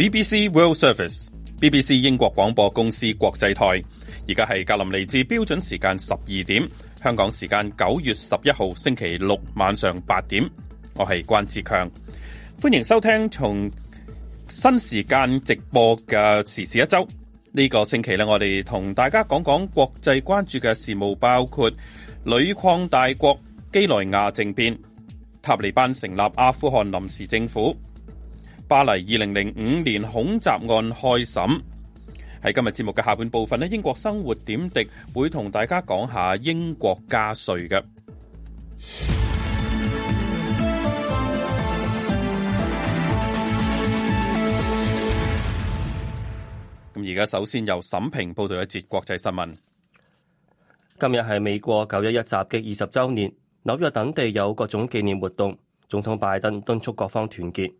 BBC World Service，BBC 英國廣播公司國際台，而家係格林尼治標準時間十二點，香港時間九月十一號星期六晚上八點，我係關志強，歡迎收聽從新時間直播嘅時事一周。呢、這個星期咧，我哋同大家講講國際關注嘅事務，包括鋁礦大國畿內亞政變、塔利班成立阿富汗臨時政府。巴黎二零零五年恐襲案開審。喺今日節目嘅下半部分咧，英國生活點滴會同大家講下英國加稅嘅。咁而家首先由沈平報道一節國際新聞。今日係美國九一一襲擊二十周年，紐約等地有各種紀念活動。總統拜登敦促各方團結。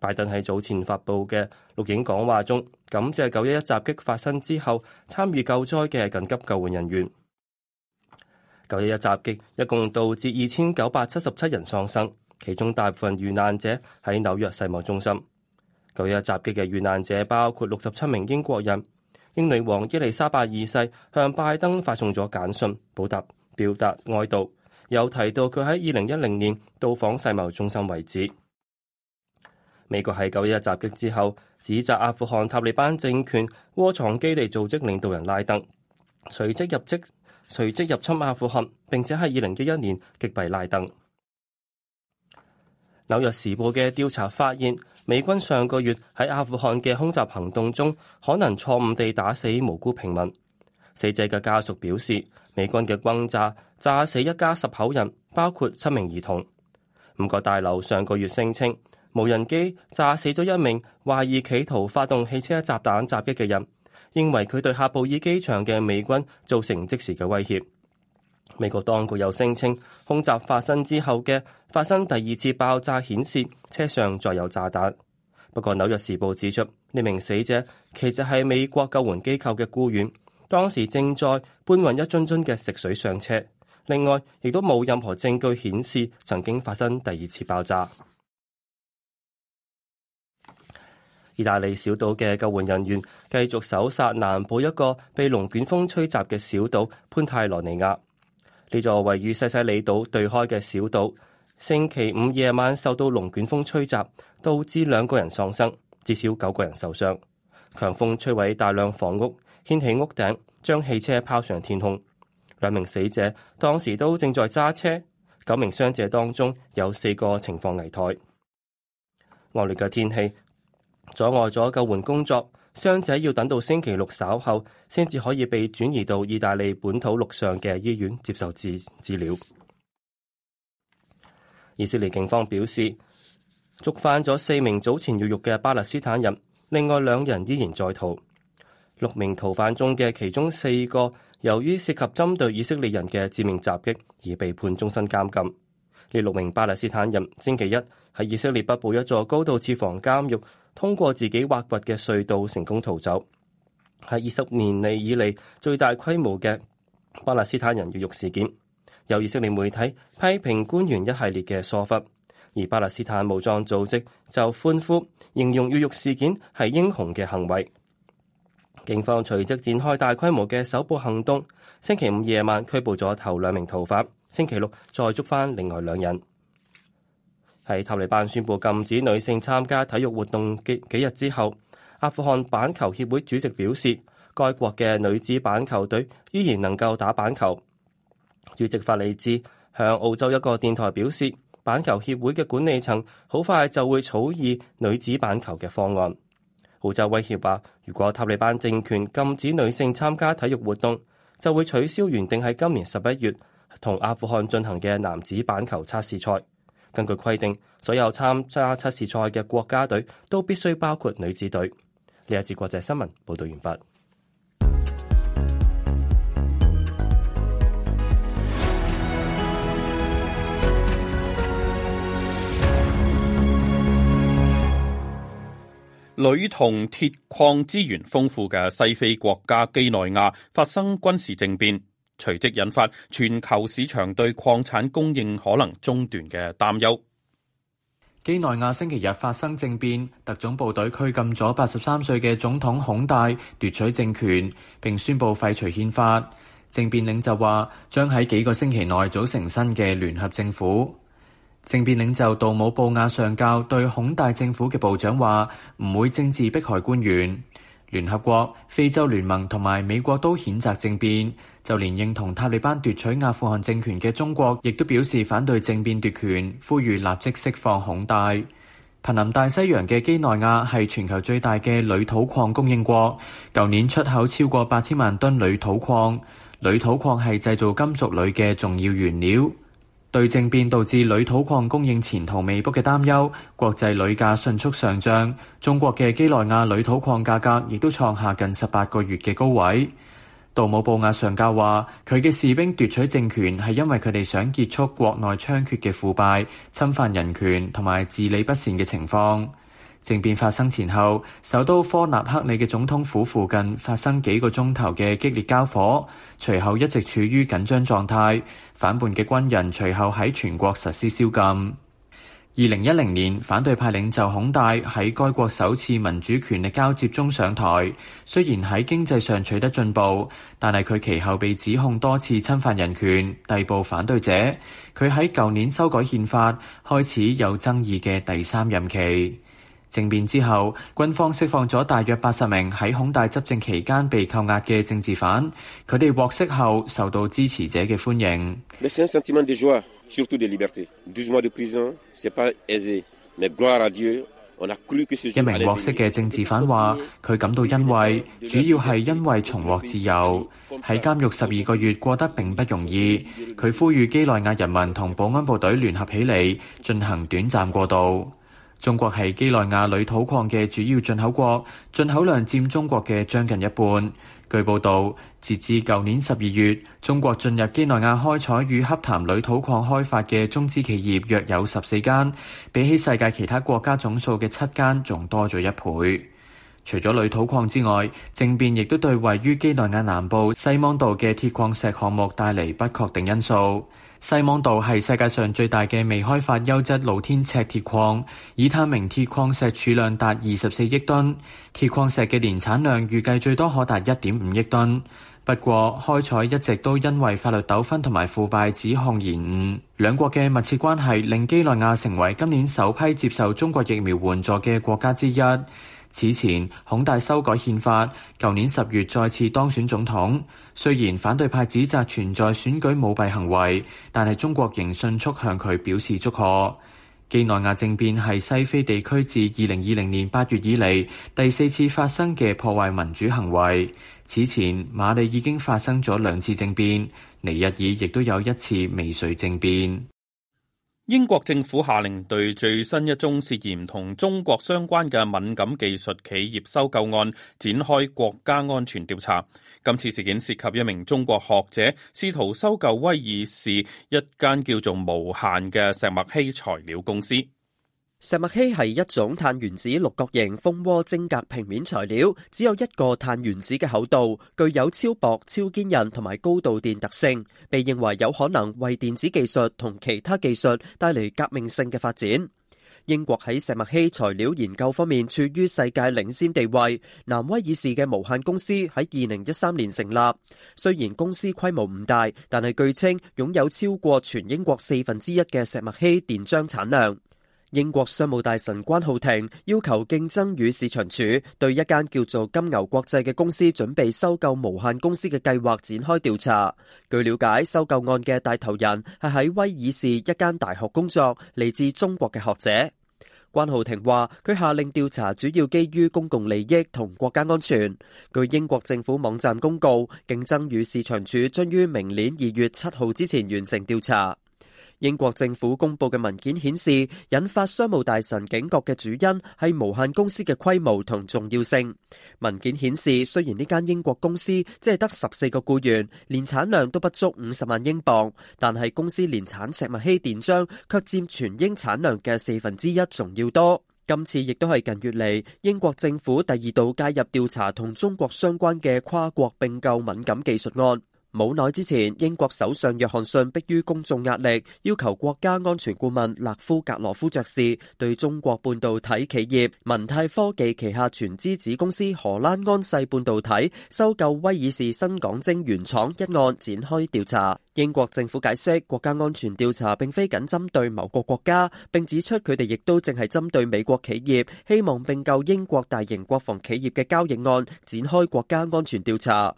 拜登喺早前發布嘅錄影講話中，感謝九一一襲擊發生之後參與救災嘅緊急救援人員。九一一襲擊一共導致二千九百七十七人喪生，其中大部分遇難者喺紐約世貿中心。九一一襲擊嘅遇難者包括六十七名英國人。英女王伊麗莎白二世向拜登發送咗簡訊報答、表達哀悼，又提到佢喺二零一零年到訪世貿中心為止。美國喺九一一襲擊之後，指責阿富汗塔利班政權窩藏基地組織領導人拉登，隨即入職隨即入侵阿富汗。並且喺二零一一年擊斃拉登。紐約時報嘅調查發現，美軍上個月喺阿富汗嘅空襲行動中，可能錯誤地打死無辜平民。死者嘅家屬表示，美軍嘅轟炸炸死一家十口人，包括七名兒童。五角大樓上個月聲稱，無人機炸死咗一名懷疑企圖發動汽車炸彈襲擊嘅人，認為佢對喀布爾機場嘅美軍造成即時嘅威脅。美國當局又聲稱，空襲發生之後嘅發生第二次爆炸，顯示車上載有炸彈。不過，《紐約時報》指出，呢名死者其實係美國救援機構嘅僱員，當時正在搬運一樽樽嘅食水上車。另外，亦都冇任何證據顯示曾經發生第二次爆炸。意大利小島嘅救援人員繼續搜索南部一個被龍捲風吹襲嘅小島潘泰羅尼亞。呢座位於西西里島對開嘅小島，星期五夜晚受到龍捲風吹襲，導致兩個人喪生，至少九個人受傷。強風摧毀大量房屋，掀起屋頂，將汽車拋上天空。兩名死者當時都正在揸車，九名傷者當中有四個情況危殆。惡劣嘅天氣阻礙咗救援工作，傷者要等到星期六稍後，先至可以被轉移到意大利本土陸上嘅醫院接受治治療。以色列警方表示，捉犯咗四名早前要獄嘅巴勒斯坦人，另外兩人依然在逃。六名逃犯中嘅其中四個，由於涉及針對以色列人嘅致命襲擊，而被判終身監禁。呢六名巴勒斯坦人星期一喺以色列北部一座高度設防監獄，通過自己挖掘嘅隧道成功逃走，係二十年嚟以嚟最大規模嘅巴勒斯坦人越獄事件。由以色列媒體批評官員一系列嘅疏忽，而巴勒斯坦武裝組織就歡呼，形容越獄事件係英雄嘅行為。警方隨即展開大規模嘅搜捕行動。星期五夜晚拘捕咗頭兩名逃犯，星期六再捉翻另外兩人。喺塔利班宣布禁止女性參加體育活動嘅幾日之後，阿富汗板球協會主席表示，該國嘅女子板球隊依然能夠打板球。主席法利茲向澳洲一個電台表示，板球協會嘅管理層好快就會草擬女子板球嘅方案。澳洲威脅話，如果塔利班政權禁止女性參加體育活動，就會取消原定喺今年十一月同阿富汗進行嘅男子板球測試賽。根據規定，所有參加測試賽嘅國家隊都必須包括女子隊。呢一節國際新聞報道完畢。 鋁同鐵礦資源豐富嘅西非國家畿內亞發生軍事政變。隨即引發全球市場對礦產供應可能中斷嘅擔憂。畿內亞星期日發生政變，特種部隊拘禁咗八十三歲嘅總統孔戴，奪取政權，並宣布廢除憲法。政變領袖話，將喺幾個星期內組成新嘅聯合政府。政變領袖杜姆布亞上校對孔戴政府嘅部長話，唔會政治迫害官員。聯合國、非洲聯盟同埋美國都譴責政變，就連認同塔利班奪取阿富汗政權嘅中國，亦都表示反對政變奪權，呼籲立即釋放恐大。瀕臨大西洋嘅畿內亞係全球最大嘅鋁土礦供應國，舊年出口超過八千萬噸鋁土礦，鋁土礦係製造金屬鋁嘅重要原料。對政變導致鋁土礦供應前途未卜嘅擔憂，國際鋁價迅速上漲。中國嘅基內亞鋁土礦價格亦都創下近十八個月嘅高位。杜姆布亞上校話，佢嘅士兵奪取政權係因為佢哋想結束國內猖獗嘅腐敗、侵犯人權同埋治理不善嘅情況。政變發生前後，首都科納克里嘅總統府附近發生幾個鐘頭嘅激烈交火，隨後一直處於緊張狀態。反叛嘅軍人隨後喺全國實施宵禁。二零一零年，反對派領袖孔戴喺該國首次民主權力交接中上台，雖然喺經濟上取得進步，但係佢其後被指控多次侵犯人權，逮捕反對者。佢喺舊年修改憲法，開始有爭議嘅第三任期。政變之後，軍方釋放咗大約八十名喺孔戴執政期間被扣押嘅政治犯，佢哋獲釋後受到支持者嘅歡迎。 一名獲釋嘅政治犯話，佢感到欣慰，主要係因為重獲自由。喺監獄十二個月過得並不容易，佢呼籲畿內亞人民同保安部隊聯合起嚟，進行短暫過渡。中國係基內亞鋁土礦嘅主要進口國，進口量佔中國嘅將近一半。據報道，截至舊年十二月，中國進入基內亞開採與洽談鋁土礦開發嘅中資企業約有十四間，比起世界其他國家總數嘅七間，仲多咗一倍。除咗鋁土礦之外，政變亦都對位於基內亞南部西芒道嘅鐵礦石項目帶嚟不確定因素。西芒道係世界上最大嘅未開發優質露天赤鐵礦，已探明鐵礦石儲量達二十四億噸，鐵礦石嘅年產量預計最多可達一點五億噸。不過開採一直都因為法律糾紛同埋腐敗指控延誤。兩國嘅密切關係令畿內亞成為今年首批接受中國疫苗援助嘅國家之一。此前，孔大修改憲法，舊年十月再次當選總統。雖然反對派指責存在選舉舞弊行為，但係中國仍迅速向佢表示祝賀。幾內亞政變係西非地區自二零二零年八月以嚟第四次發生嘅破壞民主行為。此前，馬里已經發生咗兩次政變，尼日爾亦都有一次未遂政變。英國政府下令對最新一宗涉嫌同中國相關嘅敏感技術企業收購案展開國家安全調查。今次事件涉及一名中國學者，試圖收購威爾士一間叫做無限嘅石墨烯材料公司。石墨烯係一種碳原子六角形蜂窩晶格平面材料，只有一個碳原子嘅厚度，具有超薄、超堅韌同埋高導電特性，被認為有可能為電子技術同其他技術帶嚟革命性嘅發展。英國喺石墨烯材料研究方面處於世界領先地位。南威爾士嘅無限公司喺二零一三年成立，雖然公司規模唔大，但係據稱擁有超過全英國四分之一嘅石墨烯電漿產量。英國商務大臣關浩庭要求競爭與市場署對一間叫做金牛國際嘅公司準備收購無限公司嘅計劃展開調查。據了解，收購案嘅帶頭人係喺威爾士一間大學工作，嚟自中國嘅學者。關浩庭話，佢下令調查主要基於公共利益同國家安全。據英國政府網站公告，競爭與市場署將於明年二月七號之前完成調查。英國政府公布嘅文件顯示，引發商務大臣警覺嘅主因係無限公司嘅規模同重要性。文件顯示，雖然呢間英國公司只係得十四個僱員，年產量都不足五十萬英鎊，但係公司年產石墨烯電漿卻佔全英產量嘅四分之一，仲要多。今次亦都係近月嚟，英國政府第二度介入調查同中國相關嘅跨國併購敏感技術案。冇耐之前，英國首相約翰遜迫於公眾壓力，要求國家安全顧問勒夫格羅夫爵士對中國半導體企業聞泰科技旗下全資子公司荷蘭安世半導體收購威爾士新港晶圓廠一案展開調查。英國政府解釋，國家安全調查並非僅針對某個國家，並指出佢哋亦都正係針對美國企業，希望併購英國大型國防企業嘅交易案展開國家安全調查。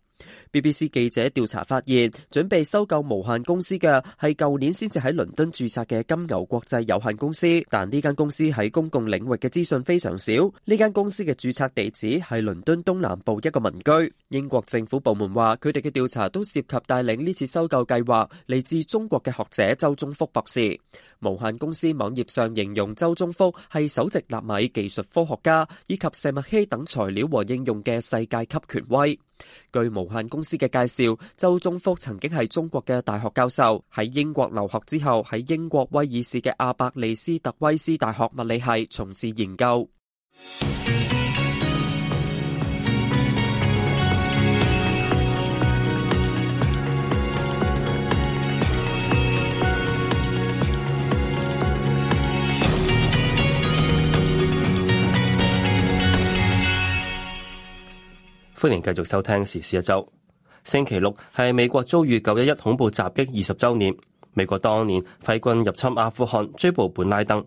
BBC 記者調查發現，準備收購無限公司嘅係舊年先至喺倫敦註冊嘅金牛國際有限公司。但呢間公司喺公共領域嘅資訊非常少。呢間公司嘅註冊地址係倫敦東南部一個民居。英國政府部門話，佢哋嘅調查都涉及帶領呢次收購計劃嚟自中國嘅學者周忠福博士。無限公司網頁上形容周忠福係首席納米技術科學家，以及石墨烯等材料和應用嘅世界級權威。據無限公司嘅介紹，周忠福曾經係中國嘅大學教授，喺英國留學之後，喺英國威爾士嘅阿伯利斯特威斯大學物理系從事研究。歡迎繼續收聽時事一周。星期六係美國遭遇九一一恐怖襲擊二十周年。美國當年揮軍入侵阿富汗追捕本拉登，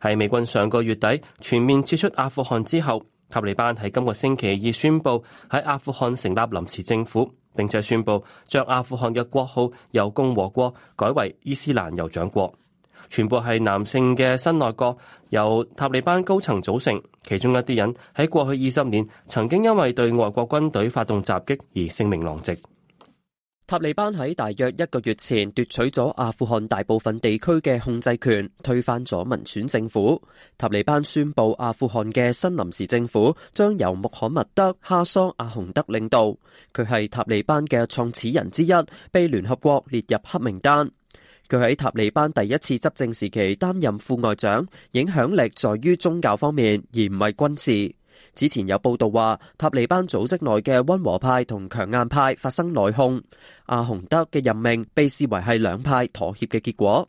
喺美軍上個月底全面撤出阿富汗之後，塔利班喺今個星期二宣布喺阿富汗成立臨時政府，並且宣布將阿富汗嘅國號由共和國改為伊斯蘭酋長國。全部係男性嘅新內閣，由塔利班高層組成，其中一啲人喺過去二十年曾經因為對外國軍隊發動襲擊而聲名狼藉。塔利班喺大約一個月前奪取咗阿富汗大部分地區嘅控制權，推翻咗民選政府。塔利班宣佈阿富汗嘅新臨時政府將由穆罕默德·哈桑·阿洪德領導，佢係塔利班嘅創始人之一，被聯合國列入黑名單。佢喺塔利班第一次執政時期擔任副外長，影響力在於宗教方面，而唔係軍事。此前有報道話塔利班組織內嘅溫和派同強硬派發生內訌，阿洪德嘅任命被視為係兩派妥協嘅結果。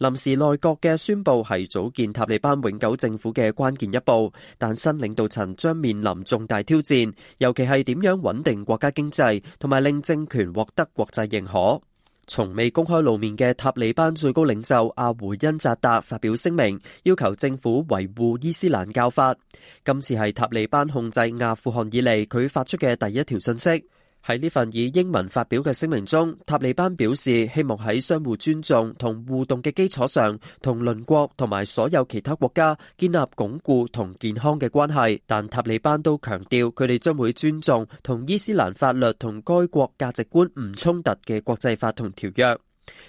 臨時內閣嘅宣布係組建塔利班永久政府嘅關鍵一步，但新領導層將面臨重大挑戰，尤其係點樣穩定國家經濟同埋令政權獲得國際認可。從未公開露面嘅塔利班最高領袖阿胡因扎達發表聲明，要求政府維護伊斯蘭教法。今次係塔利班控制阿富汗以嚟佢發出嘅第一條信息。喺呢份以英文發表嘅聲明中，塔利班表示希望喺相互尊重同互動嘅基礎上，同鄰國同埋所有其他國家建立鞏固同健康嘅關係。但塔利班都強調，佢哋將會尊重同伊斯蘭法律同該國價值觀唔衝突嘅國際法同條約。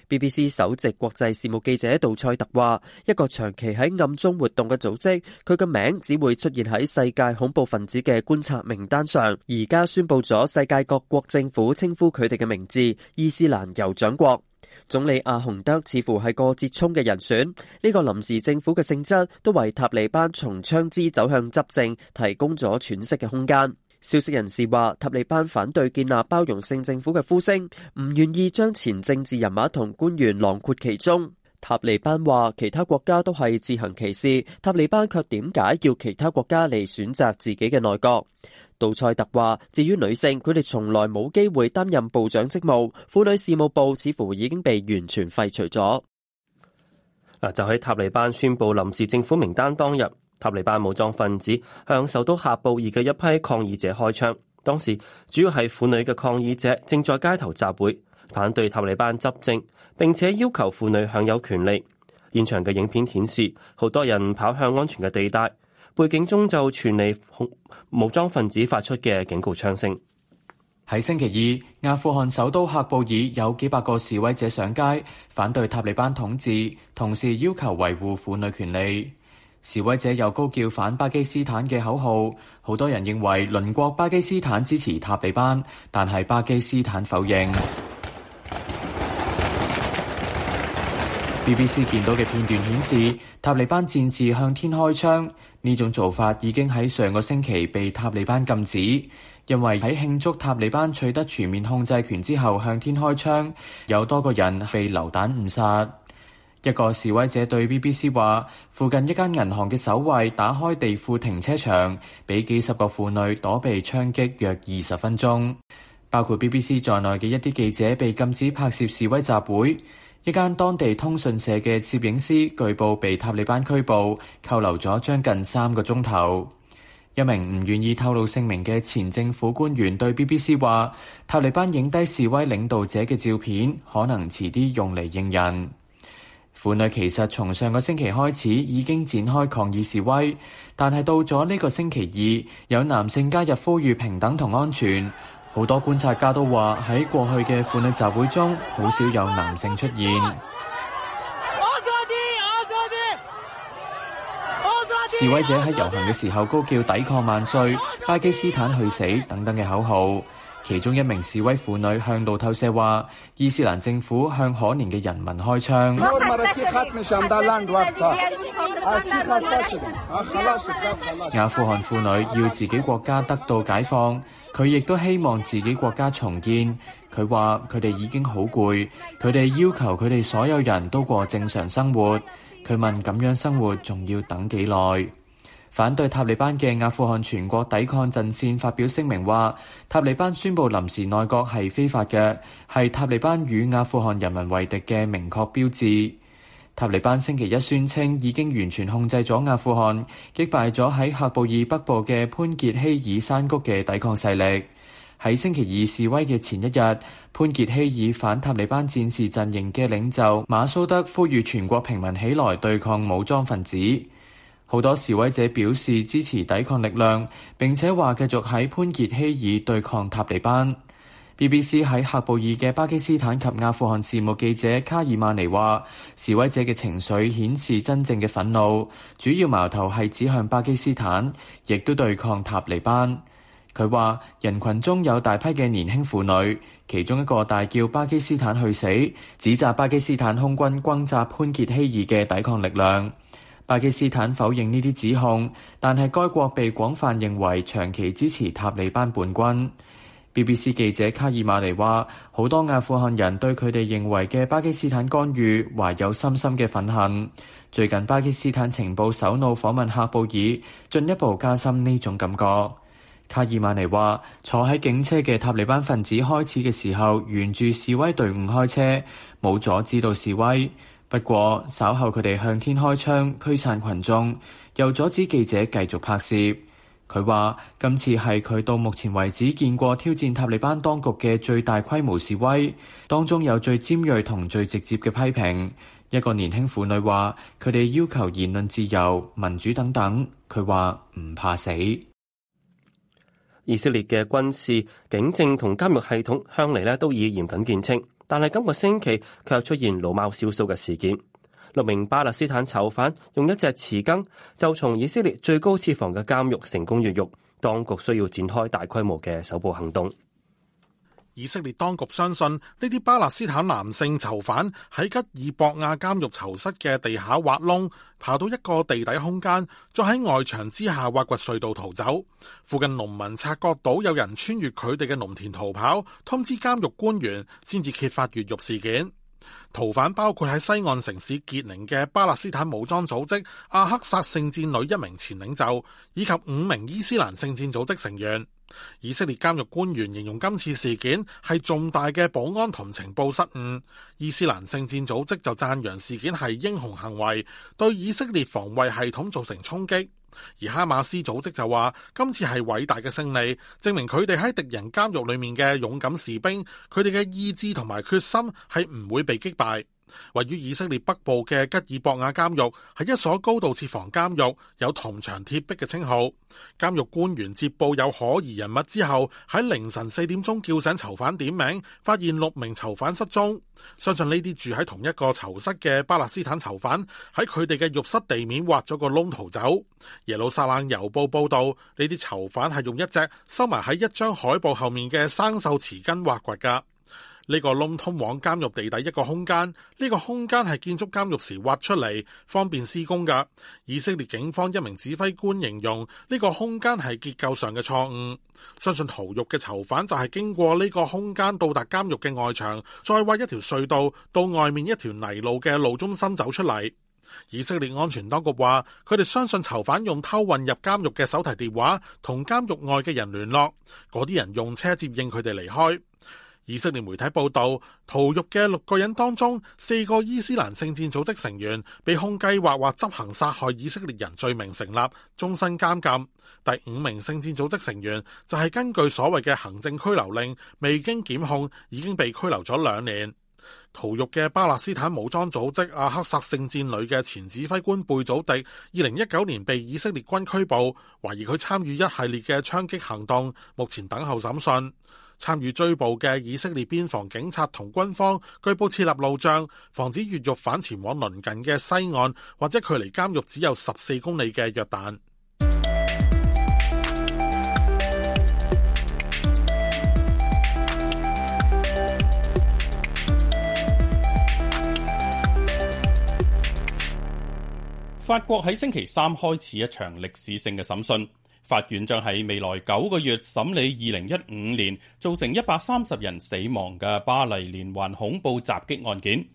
BBC 首席國際事務記者杜塞特話：一個長期喺暗中活動嘅組織，佢嘅名只會出現喺世界恐怖分子嘅觀察名單上。而家宣布咗，世界各國政府稱呼佢哋嘅名字：伊斯蘭酋長國總理阿洪德，似乎係個折冲嘅人選。呢、這個臨時政府嘅性質，都為塔利班從槍支走向執政提供咗喘息嘅空間。消息人士話，塔利班反對建立包容性政府嘅呼聲，唔願意將前政治人物同官員囊括其中。塔利班話，其他國家都係自行其事，塔利班卻點解要其他國家嚟選擇自己嘅內閣？杜塞特話，至於女性，佢哋從來冇機會擔任部長職務，婦女事務部似乎已經被完全廢除咗。嗱，就喺塔利班宣布臨時政府名單當日。塔利班武裝分子向首都喀布爾嘅一批抗議者開槍，當時主要係婦女嘅抗議者正在街頭集會，反對塔利班執政，並且要求婦女享有權利。現場嘅影片顯示，好多人跑向安全嘅地帶，背景中就傳嚟武裝分子發出嘅警告槍聲。喺星期二，阿富汗首都喀布爾有幾百個示威者上街，反對塔利班統治，同時要求維護婦女權利。示威者又高叫反巴基斯坦嘅口號，好多人認為鄰國巴基斯坦支持塔利班，但係巴基斯坦否認。BBC 見到嘅片段顯示，塔利班戰士向天開槍，呢種做法已經喺上個星期被塔利班禁止，因為喺慶祝塔利班取得全面控制權之後向天開槍，有多個人被流彈誤殺。一個示威者對 BBC 話，附近一間銀行嘅守衛打開地庫停車場，俾幾十個婦女躲避槍擊約二十分鐘。包括 BBC 在內嘅一啲記者被禁止拍攝示威集會。一間當地通訊社嘅攝影師據報被塔利班拘捕，扣留咗將近三個鐘頭。一名唔願意透露姓名嘅前政府官員對 BBC 話，塔利班影低示威領導者嘅照片，可能遲啲用嚟認人。婦女其實從上個星期開始已經展開抗議示威，但係到咗呢個星期二，有男性加入呼籲平等同安全。好多觀察家都話喺過去嘅婦女集會中，好少有男性出現。示威者喺遊行嘅時候高叫抵抗萬歲、巴基斯坦去死等等嘅口號。其中一名示威婦女向路透社話：伊斯蘭政府向可憐嘅人民開槍。阿富汗婦女要自己國家得到解放，佢亦都希望自己國家重建。佢話佢哋已經好攰，佢哋要求佢哋所有人都過正常生活。佢問：咁樣生活仲要等幾耐？反對塔利班嘅阿富汗全國抵抗陣線發表聲明話，塔利班宣布臨時內閣係非法嘅，係塔利班與阿富汗人民為敵嘅明確標誌。塔利班星期一宣稱已經完全控制咗阿富汗，擊敗咗喺喀布爾北部嘅潘傑希爾山谷嘅抵抗勢力。喺星期二示威嘅前一日，潘傑希爾反塔利班戰士陣營嘅領袖馬蘇德呼籲全國平民起來對抗武裝分子。好多示威者表示支持抵抗力量，並且話繼續喺潘傑希爾對抗塔利班。BBC 喺喀布爾嘅巴基斯坦及阿富汗事務記者卡爾曼尼話，示威者嘅情緒顯示真正嘅憤怒，主要矛頭係指向巴基斯坦，亦都對抗塔利班。佢話人群中有大批嘅年輕婦女，其中一個大叫巴基斯坦去死，指責巴基斯坦空軍轟炸潘傑希爾嘅抵抗力量。巴基斯坦否認呢啲指控，但係該國被廣泛認為長期支持塔利班叛軍。BBC 記者卡爾瑪尼話，好多阿富汗人對佢哋認為嘅巴基斯坦干預懷有深深嘅憤恨。最近巴基斯坦情報首腦訪問喀布爾，進一步加深呢種感覺。卡爾瑪尼話，坐喺警車嘅塔利班分子開始嘅時候，沿住示威隊伍開車，冇阻止到示威。不過稍後佢哋向天開槍驅散群眾，又阻止記者繼續拍攝。佢話：今次係佢到目前為止見過挑戰塔利班當局嘅最大規模示威，當中有最尖銳同最直接嘅批評。一個年輕婦女話：佢哋要求言論自由、民主等等。佢話唔怕死。以色列嘅軍事、警政同監獄系統向嚟呢都以嚴謹見稱。但係今個星期卻出現老貓燒鬚嘅事件，六名巴勒斯坦囚犯用一隻匙羹就從以色列最高設防嘅監獄成功越獄，當局需要展開大規模嘅搜捕行動。以色列當局相信，呢啲巴勒斯坦男性囚犯喺吉爾博亞監獄囚室嘅地下挖窿，爬到一個地底空間，再喺外牆之下挖掘隧道逃走。附近農民察覺到有人穿越佢哋嘅農田逃跑，通知監獄官員，先至揭發越獄事件。逃犯包括喺西岸城市傑寧嘅巴勒斯坦武裝組織阿克薩聖戰女一名前領袖，以及五名伊斯蘭聖戰組織成員。以色列監獄官員形容今次事件係重大嘅保安同情報失誤。伊斯蘭聖戰組織就讚揚事件係英雄行為，對以色列防衛系統造成衝擊。而哈馬斯組織就話：今次係偉大嘅勝利，證明佢哋喺敵人監獄裏面嘅勇敢士兵，佢哋嘅意志同埋決心係唔會被擊敗。位於以色列北部嘅吉爾博亞監獄係一所高度設防監獄，有銅牆鐵壁嘅稱號。監獄官員接報有可疑人物之後，喺凌晨四點鐘叫醒囚犯點名，發現六名囚犯失蹤。相信呢啲住喺同一個囚室嘅巴勒斯坦囚犯喺佢哋嘅浴室地面挖咗個窿逃走。耶路撒冷郵報報道，呢啲囚犯係用一隻收埋喺一張海報後面嘅生鏽匙羹挖掘噶。呢個窿通往監獄地底一個空間，呢個空間係建築監獄時挖出嚟，方便施工噶。以色列警方一名指揮官形容呢個空間係結構上嘅錯誤，相信逃獄嘅囚犯就係經過呢個空間到達監獄嘅外牆，再挖一條隧道到外面一條泥路嘅路中心走出嚟。以色列安全當局話，佢哋相信囚犯用偷運入監獄嘅手提電話同監獄外嘅人聯絡，嗰啲人用車接應佢哋離開。以色列媒體報道，逃獄嘅六個人當中，四個伊斯蘭聖戰組織成員被控計劃或執行殺害以色列人罪名成立，終身監禁。第五名聖戰組織成員就係、是、根據所謂嘅行政拘留令，未經檢控，已經被拘留咗兩年。逃獄嘅巴勒斯坦武裝組織阿克薩聖戰旅嘅前指揮官貝祖迪，二零一九年被以色列軍拘捕，懷疑佢參與一系列嘅槍擊行動，目前等候審訊。參與追捕嘅以色列邊防警察同軍方據報設立路障，防止越獄犯前往鄰近嘅西岸或者距離監獄只有十四公里嘅約旦。法國喺星期三開始一場歷史性嘅審訊。法院將喺未來九個月審理二零一五年造成一百三十人死亡嘅巴黎連環恐怖襲擊案件。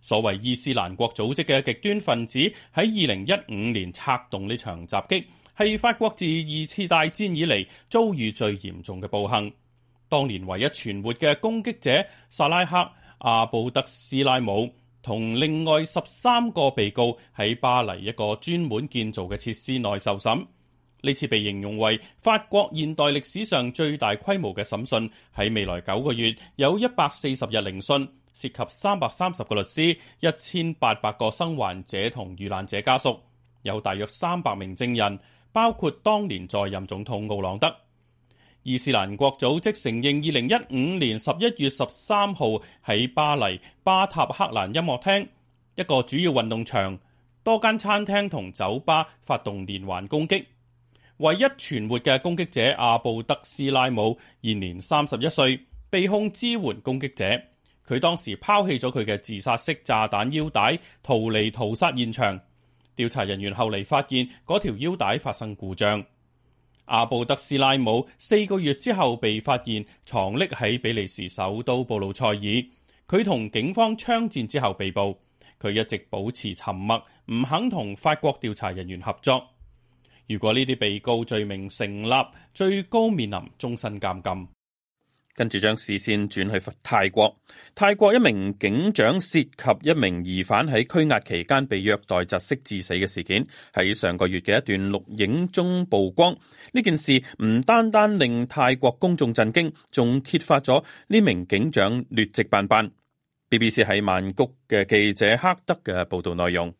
所謂伊斯蘭國組織嘅極端分子喺二零一五年策動呢場襲擊，係法國自二次大戰以嚟遭遇最嚴重嘅暴行。當年唯一存活嘅攻擊者薩拉克阿布德斯拉姆同另外十三個被告喺巴黎一個專門建造嘅設施內受審。呢次被形容為法國現代歷史上最大規模嘅審訊，喺未來九個月，有一百四十日聆訊，涉及三百三十個律師、一千八百個生還者同遇難者家屬，有大約三百名證人，包括當年在任總統奧朗德。伊斯蘭國組織承認，二零一五年十一月十三號喺巴黎巴塔克蘭音樂廳，一個主要運動場、多間餐廳同酒吧發動連環攻擊。唯一存活嘅攻擊者阿布德斯拉姆現年三十一歲，被控支援攻擊者。佢當時拋棄咗佢嘅自殺式炸彈腰帶，逃離屠殺現場。調查人員後嚟發現嗰條腰帶發生故障。阿布德斯拉姆四個月之後被發現藏匿喺比利時首都布魯塞爾，佢同警方槍戰之後被捕。佢一直保持沉默，唔肯同法國調查人員合作。如果呢啲被告罪名成立，最高面臨終身監禁。跟住將視線轉去泰國，泰國一名警長涉及一名疑犯，喺拘押期間被虐待窒息致死嘅事件，喺上個月嘅一段錄影中曝光。呢件事唔單單令泰國公眾震驚，仲揭發咗呢名警長劣跡斑斑。BBC 喺曼谷嘅記者克德嘅報道內容。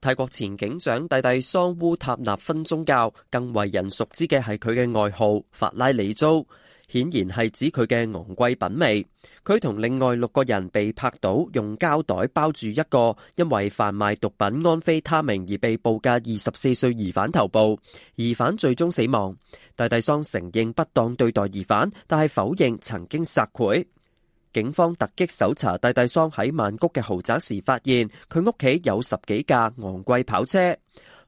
泰國前警長弟弟桑烏塔納分宗教，更為人熟知嘅係佢嘅外號法拉利租，顯然係指佢嘅昂貴品味。佢同另外六個人被拍到用膠袋包住一個因為販賣毒品安非他命而被捕嘅二十四歲疑犯頭部，疑犯最終死亡。弟弟桑承認不當對待疑犯，但係否認曾經殺佢。警方突擊搜查弟弟桑喺曼谷嘅豪宅時，發現佢屋企有十幾架昂貴跑車。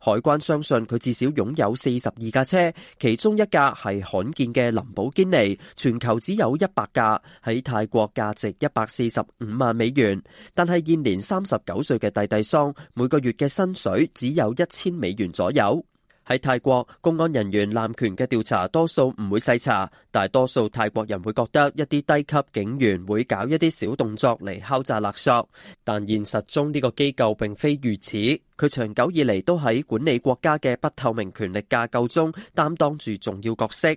海關相信佢至少擁有四十二架車，其中一架係罕見嘅林寶堅尼，全球只有一百架，喺泰國價值一百四十五萬美元。但係現年三十九歲嘅弟弟桑，每個月嘅薪水只有一千美元左右。喺泰國，公安人員濫權嘅調查多數唔會細查，大多數泰國人會覺得一啲低級警員會搞一啲小動作嚟敲詐勒索。但現實中呢個機構並非如此，佢長久以嚟都喺管理國家嘅不透明權力架構中擔當住重要角色。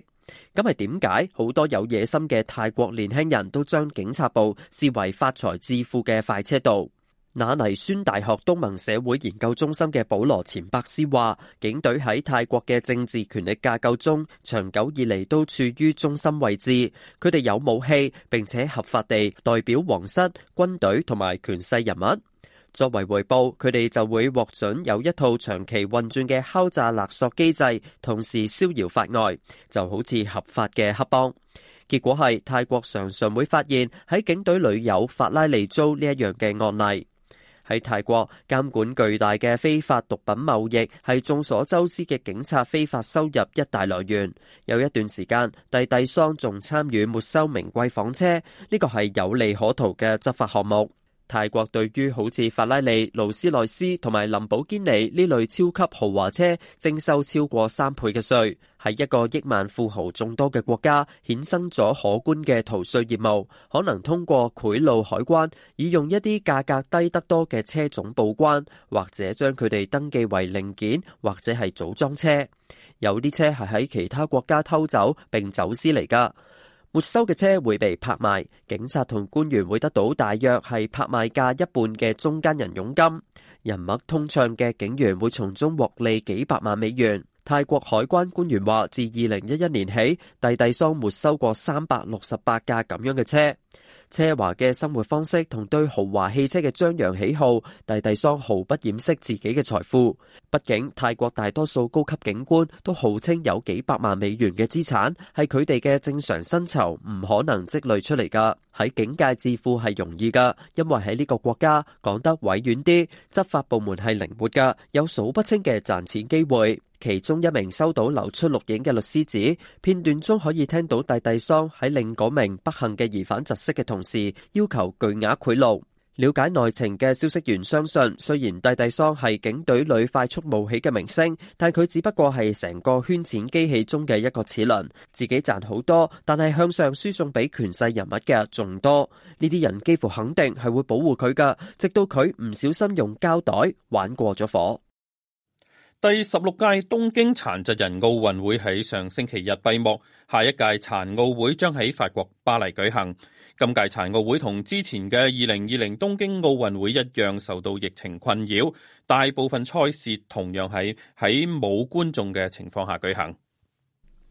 咁係點解？好多有野心嘅泰國年輕人都將警察部視為發財致富嘅快車道。那尼宣大學東盟社會研究中心嘅保羅錢伯斯話：警隊喺泰國嘅政治權力架構中，長久以嚟都處於中心位置。佢哋有武器，並且合法地代表皇室、軍隊同埋權勢人物。作為回報，佢哋就會獲准有一套長期運轉嘅敲詐勒索機制，同時逍遙法外，就好似合法嘅黑幫。結果係泰國常常會發現喺警隊裏有法拉利租呢一樣嘅案例。喺泰國監管巨大嘅非法毒品貿易係眾所周知嘅警察非法收入一大來源。有一段時間，弟弟桑仲參與沒收名貴房車，呢個係有利可圖嘅執法項目。泰國對於好似法拉利、勞斯萊斯同埋林寶堅尼呢類超級豪華車徵收超過三倍嘅稅，係一個億萬富豪眾多嘅國家，衍生咗可觀嘅逃稅業務。可能通過賄賂海關，以用一啲價格低得多嘅車種報關，或者將佢哋登記為零件，或者係組裝車。有啲車係喺其他國家偷走並走私嚟㗎。沒收嘅車會被拍賣，警察同官員會得到大約係拍賣價一半嘅中間人佣金，人脈通暢嘅警員會從中獲利幾百萬美元。泰國海關官員話：自二零一一年起，弟弟桑沒收過三百六十八架咁樣嘅車。奢華嘅生活方式同對豪華汽車嘅張揚喜好，弟弟桑毫不掩飾自己嘅財富。畢竟泰國大多數高級警官都號稱有幾百萬美元嘅資產，係佢哋嘅正常薪酬唔可能積累出嚟噶。喺警界致富係容易噶，因為喺呢個國家講得委婉啲，執法部門係靈活噶，有數不清嘅賺錢機會。其中一名收到流出錄影嘅律師指，片段中可以聽到弟弟桑喺令嗰名不幸嘅疑犯窒息嘅同時，要求巨額賄賂。了解內情嘅消息源相信，雖然弟弟桑係警隊裏快速冒起嘅明星，但佢只不過係成個圈錢機器中嘅一個齒輪，自己賺好多，但係向上輸送俾權勢人物嘅仲多。呢啲人幾乎肯定係會保護佢噶，直到佢唔小心用膠袋玩過咗火。第十六屆東京殘疾人奧運會喺上星期日閉幕，下一屆殘奧會將喺法國巴黎舉行。今屆殘奧會同之前嘅二零二零東京奧運會一樣，受到疫情困擾，大部分賽事同樣係喺冇觀眾嘅情況下舉行。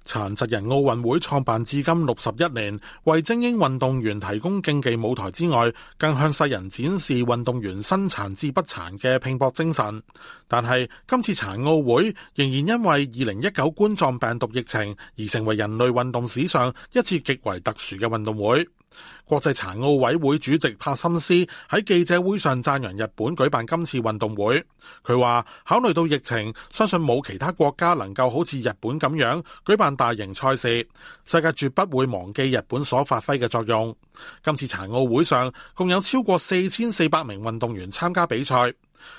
殘疾人奧運會創辦至今六十一年，為精英運動員提供競技舞台之外，更向世人展示運動員身殘志不殘嘅拼搏精神。但係今次殘奧會仍然因為二零一九冠狀病毒疫情而成為人類運動史上一次極為特殊嘅運動會。國際殘奧委會主席帕森斯喺記者會上讚揚日本舉辦今次運動會。佢話：考慮到疫情，相信冇其他國家能夠好似日本咁樣舉辦大型賽事。世界絕不會忘記日本所發揮嘅作用。今次殘奧會上，共有超過四千四百名運動員參加比賽。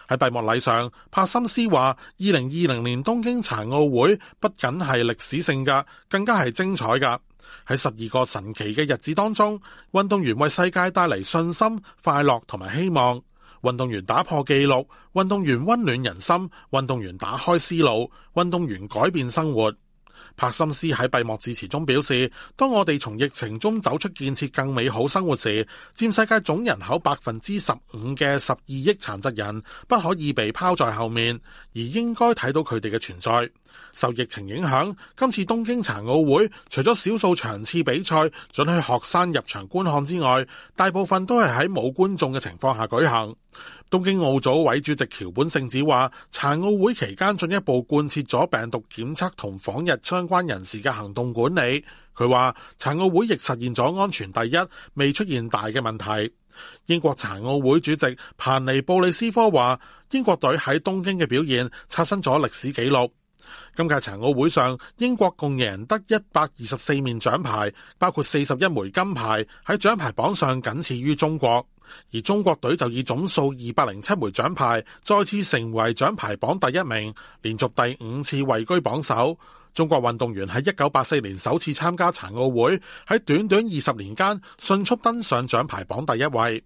喺閉幕禮上，帕森斯話：二零二零年東京殘奧會不僅係歷史性嘅，更加係精彩嘅。喺十二個神奇嘅日子當中，運動員為世界帶嚟信心、快樂同埋希望。運動員打破紀錄，運動員溫暖人心，運動員打開思路，運動員改變生活。帕森斯喺閉幕致辭中表示：當我哋從疫情中走出，建設更美好生活時，佔世界總人口百分之十五嘅十二億殘疾人，不可以被拋在後面，而應該睇到佢哋嘅存在。受疫情影響，今次東京殘奧會除咗少數場次比賽准許學生入場觀看之外，大部分都係喺冇觀眾嘅情況下舉行。東京奧組委主席橋本聖子話：殘奧會期間進一步貫徹咗病毒檢測同訪日相關人士嘅行動管理。佢話殘奧會亦實現咗安全第一，未出現大嘅問題。英國殘奧會主席彭尼布里斯科話：英國隊喺東京嘅表現刷新咗歷史紀錄。今屆殘奧會上，英國共贏得一百二十四面獎牌，包括四十一枚金牌，喺獎牌榜上僅次於中國。而中國隊就以總數二百零七枚獎牌，再次成為獎牌榜第一名，連續第五次位居榜首。中國運動員喺一九八四年首次參加殘奧會，喺短短二十年間迅速登上獎牌榜第一位。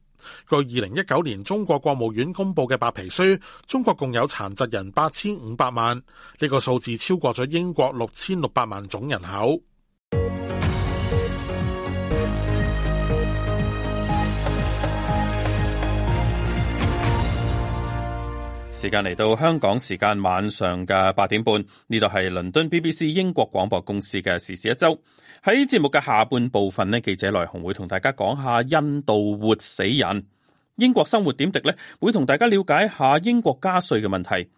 據二零一九年中國國務院公布嘅白皮書，中國共有殘疾人八千五百萬，呢個數字超過咗英國六千六百萬總人口。時間嚟到香港時間晚上嘅八點半，呢度係倫敦 BBC 英國廣播公司嘅時事一周。喺節目嘅下半部分呢，記者來鴻會同大家講下印度活死人，英國生活點滴呢會同大家了解下英國加稅嘅問題。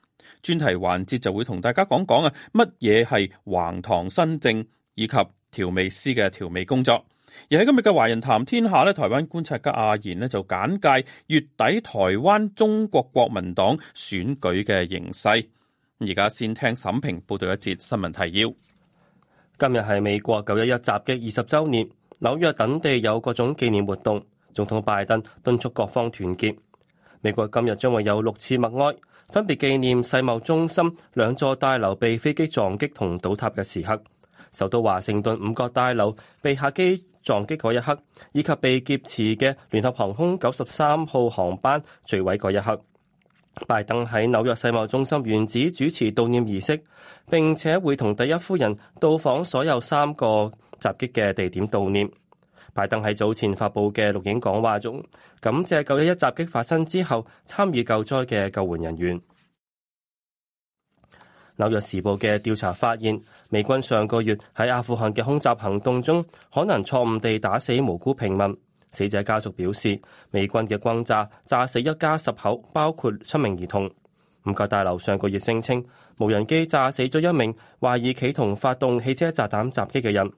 專題環節就會同大家講講啊乜嘢係橫琴新政，以及調味師嘅調味工作。而喺今日嘅華人談天下咧，台灣觀察家阿賢呢，就簡介月底台灣中國國民黨選舉嘅形勢。而家先聽沈平報道一節新聞提要。今日係美國九一一襲擊二十週年，紐約等地有各種紀念活動。總統拜登敦促各方團結。美國今日將會有六次默哀，分別紀念世貿中心兩座大樓被飛機撞擊同倒塌嘅時刻，受到華盛頓五角大樓被客機撞擊嗰一刻，以及被劫持嘅聯合航空九十三號航班墜毀嗰一刻。拜登喺紐約世貿中心原址主持悼念儀式，並且會同第一夫人到訪所有三個襲擊嘅地點悼念。拜登喺早前發布嘅錄影講話中，感謝九一一襲擊發生之後參與救災嘅救援人員。紐約時報嘅調查發現，美軍上個月喺阿富汗嘅空襲行動中，可能錯誤地打死無辜平民。死者家族表示，美軍嘅轟炸炸死一家十口，包括七名兒童。五角大樓上個月聲稱，無人機炸死咗一名懷疑企圖發動汽車炸彈襲擊嘅人。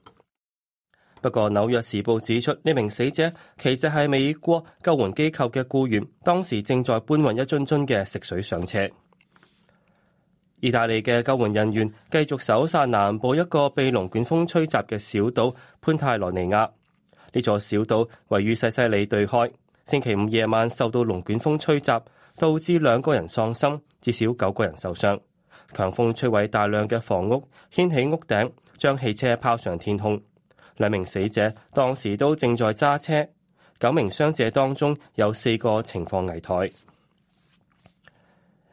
不過紐約時報指出，呢名死者其實係美國救援機構嘅雇員，當時正在搬運一樽樽嘅食水上車。意大利嘅救援人員繼續搜查南部一個被龍捲風吹襲嘅小島潘泰羅尼亞。呢座小島位於西西里對開。星期五夜晚受到龍捲風吹襲，導致兩個人喪生，至少九個人受傷。強風摧毀大量嘅房屋，掀起屋頂，將汽車拋上天空。兩名死者當時都正在揸車。九名傷者當中有四個情況危殆。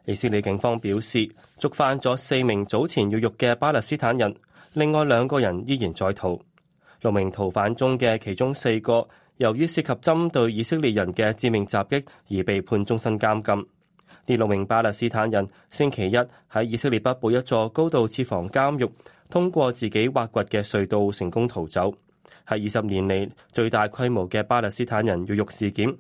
以色列警方表示，捉返咗四名早前越獄嘅巴勒斯坦人，另外兩個人依然在逃。六名逃犯中嘅其中四個，由於涉及針對以色列人嘅致命襲擊而被判終身監禁。呢六名巴勒斯坦人星期一喺以色列北部一座高度設防監獄通過自己挖掘嘅隧道成功逃走，係二十年嚟最大規模嘅巴勒斯坦人越獄事件。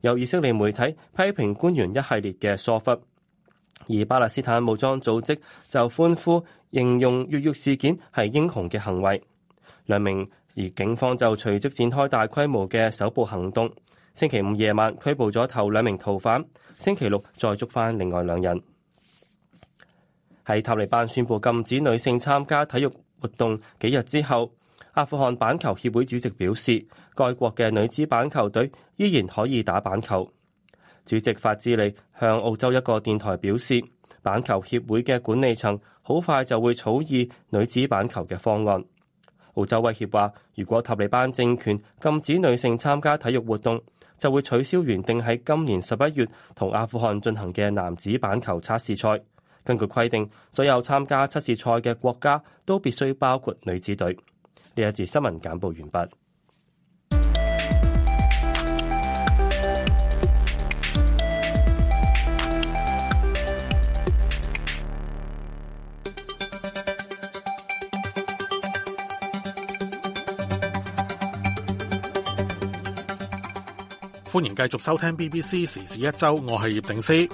有以色列媒體批評官員一系列嘅疏忽，而巴勒斯坦武裝組織就歡呼，形容越獄事件係英雄嘅行為。兩名而警方就隨即展開大規模嘅搜捕行動。星期五夜晚拘捕咗頭兩名逃犯，星期六再捉翻另外兩人。喺塔利班宣布禁止女性參加體育活動幾日之後，阿富汗板球協會主席表示，該國嘅女子板球隊依然可以打板球。主席法茲利向澳洲一個電台表示，板球協會嘅管理層好快就會草擬女子板球嘅方案。澳洲威脅話：如果塔利班政權禁止女性參加體育活動，就會取消原定喺今年十一月同阿富汗進行嘅男子板球測試賽。根據規定，所有參加測試賽嘅國家都必須包括女子隊。呢一節新聞簡報完畢。歡迎繼續收聽 BBC 時事一周，我係葉靜思。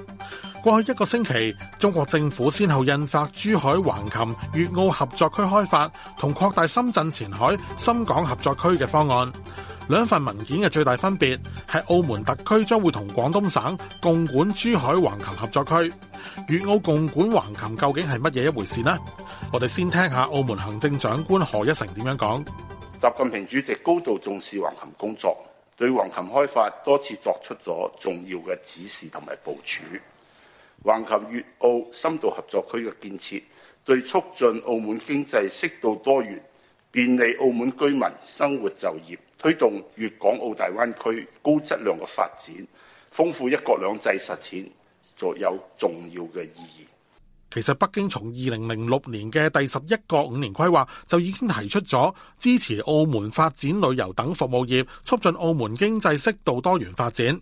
過去一個星期，中國政府先後印發珠海橫琴、粵澳合作區開發同擴大深圳前海、深港合作區嘅方案。兩份文件嘅最大分別係澳門特區將會同廣東省共管珠海橫琴合作區，粵澳共管橫琴究竟係乜嘢一回事呢？我哋先聽下澳門行政長官何一成點樣講。習近平主席高度重視橫琴工作。對橫琴開發多次作出咗重要嘅指示同埋部署，橫琴粵澳深度合作區嘅建設，對促進澳門經濟適度多元、便利澳門居民生活就業、推動粵港澳大灣區高質量嘅發展、豐富一國兩制實踐，作有重要嘅意義。其實北京從二零零六年嘅第十一個五年規劃就已經提出咗支持澳門發展旅遊等服務業，促進澳門經濟適度多元發展。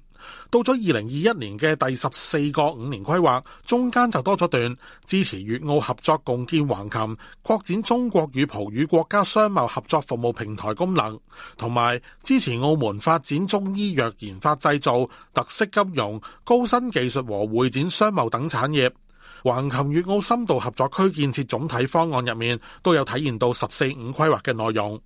到咗二零二一年嘅第十四個五年規劃，中間就多咗段支持粵澳合作共建橫琴，擴展中國與葡語國家商貿合作服務平台功能，同埋支持澳門發展中醫藥研發製造、特色金融、高新技術和會展商貿等產業。橫琴粵澳深度合作區建設總體方案入面都有體現到十四五規劃嘅內容。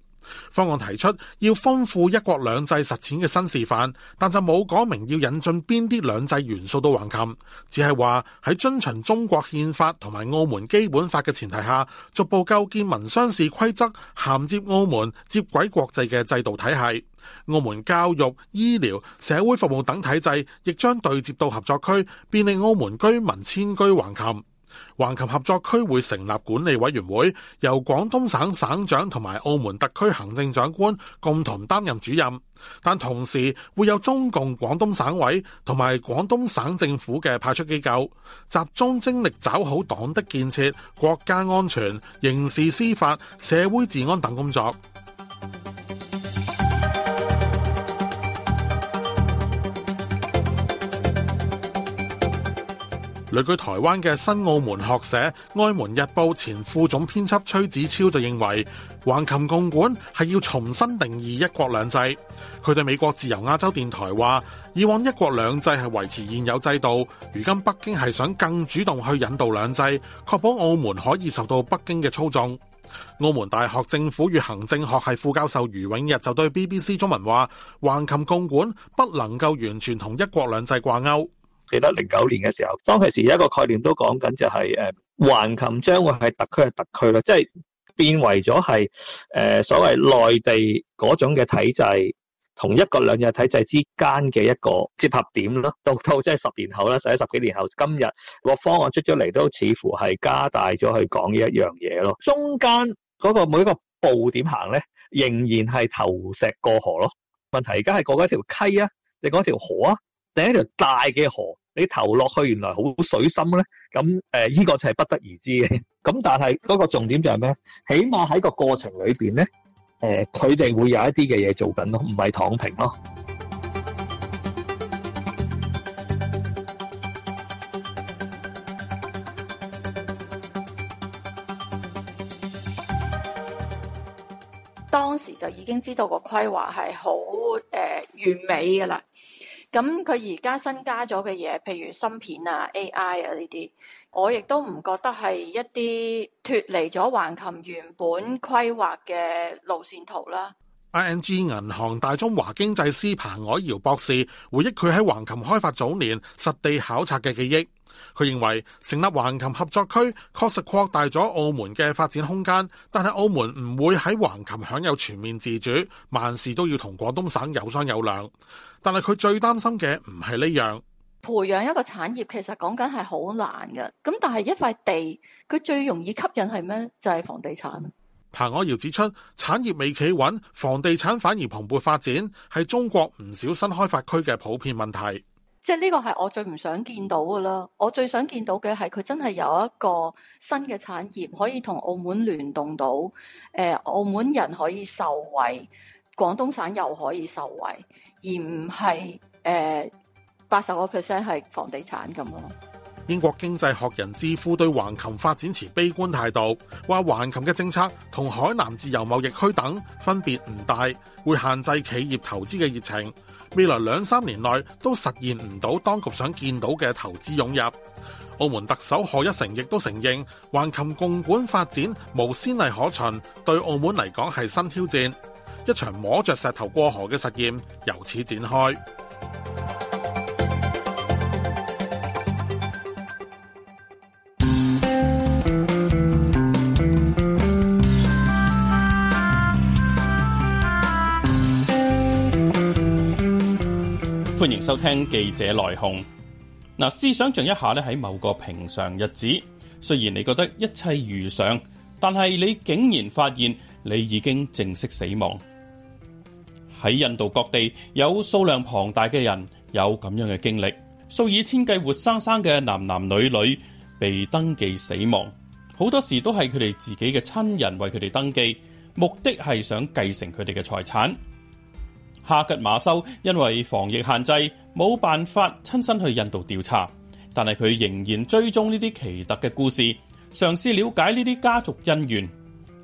方案提出要豐富一國兩制實踐嘅新示範，但就冇講明要引進邊啲兩制元素到橫琴，只係話喺遵循中國憲法同埋澳門基本法嘅前提下，逐步構建民商事規則銜接澳門接軌國際嘅制度體系。澳門教育、醫療、社會服務等體制亦將對接到合作區，便利澳門居民遷居橫琴。橫琴合作區會成立管理委員會，由廣東省省長同埋澳門特區行政長官共同擔任主任，但同時會有中共廣東省委同埋廣東省政府嘅派出機構，集中精力抓好黨的建設、國家安全、刑事司法、社會治安等工作。旅居台灣嘅新澳門學社《澳門日報》前副總編輯崔子超就認為，橫琴共管係要重新定義一國兩制。佢對美國自由亞洲電台話，以往一國兩制係維持現有制度，如今北京係想更主動去引導兩制，確保澳門可以受到北京嘅操縱。澳門大學政府與行政學系副教授余永逸就對 BBC 中文話，橫琴共管不能夠完全同一國兩制掛鈎。記得零九年嘅時候，當其時有一個概念都講緊，就是 uh，就係誒橫琴將會係特區嘅特區咯，即係變為咗係誒所謂內地嗰種嘅體制，同一國兩制體制之間嘅一個接合點咯。到到即係十年後啦，甚至十幾年後，今日個方案出咗嚟，都似乎係加大咗去講呢一樣嘢咯。中間嗰個每一個步點行咧，仍然係投石過河咯。問題而家係過緊一條溪啊，定講一條河啊，定一條大嘅河？你投落去，原來好水深咧，咁誒，呢個就係不得而知嘅。咁但係嗰個重點就係咩？起碼喺個過程裏邊咧，誒，佢哋會有一啲嘅嘢做緊咯，唔係躺平咯。當時就已經知道個規劃係好誒完美噶啦。咁佢而家新加咗嘅嘢，譬如芯片啊、AI 啊呢啲，我亦都唔覺得係一啲脫離咗橫琴原本規劃嘅路線圖啦。ING 銀行大中華經濟師彭凱瑤博士回憶佢喺橫琴開發早年實地考察嘅記憶，佢認為成立橫琴合作區確實擴大咗澳門嘅發展空間，但係澳門唔會喺橫琴享有全面自主，萬事都要同廣東省有商有量。但係佢最擔心嘅唔係呢樣，培養一個產業，其實講緊係好難嘅。咁但係一塊地，佢最容易吸引係咩？就係房地產。彭可堯指出，產業未企穩，房地產反而蓬勃發展，係中國唔少新開發區嘅普遍問題。即係呢個係我最唔想見到噶啦。我最想見到嘅係佢真係有一個新嘅產業可以同澳門聯動到，誒，澳門人可以受惠，廣東省又可以受惠。而唔係誒八十個 percent 係房地產咁咯。英國經濟學人智庫對橫琴發展持悲觀態度，話橫琴嘅政策同海南自由貿易區等分別唔大，會限制企業投資嘅熱情。未來兩三年內都實現唔到當局想見到嘅投資湧入。澳門特首賀一誠亦都承認，橫琴共管發展無先例可循，對澳門嚟講係新挑戰。一場摸着石頭過河嘅實驗由此展開。歡迎收聽記者來鴻。嗱，試想象一下咧，喺某個平常日子，雖然你覺得一切如常，但係你竟然發現你已經正式死亡。喺印度各地有數量龐大嘅人有咁樣嘅經歷，數以千計活生生嘅男男女女被登記死亡，好多時都係佢哋自己嘅親人為佢哋登記，目的係想繼承佢哋嘅財產。夏吉馬修因為防疫限制，冇辦法親身去印度調查，但係佢仍然追蹤呢啲奇特嘅故事，嘗試了解呢啲家族恩怨。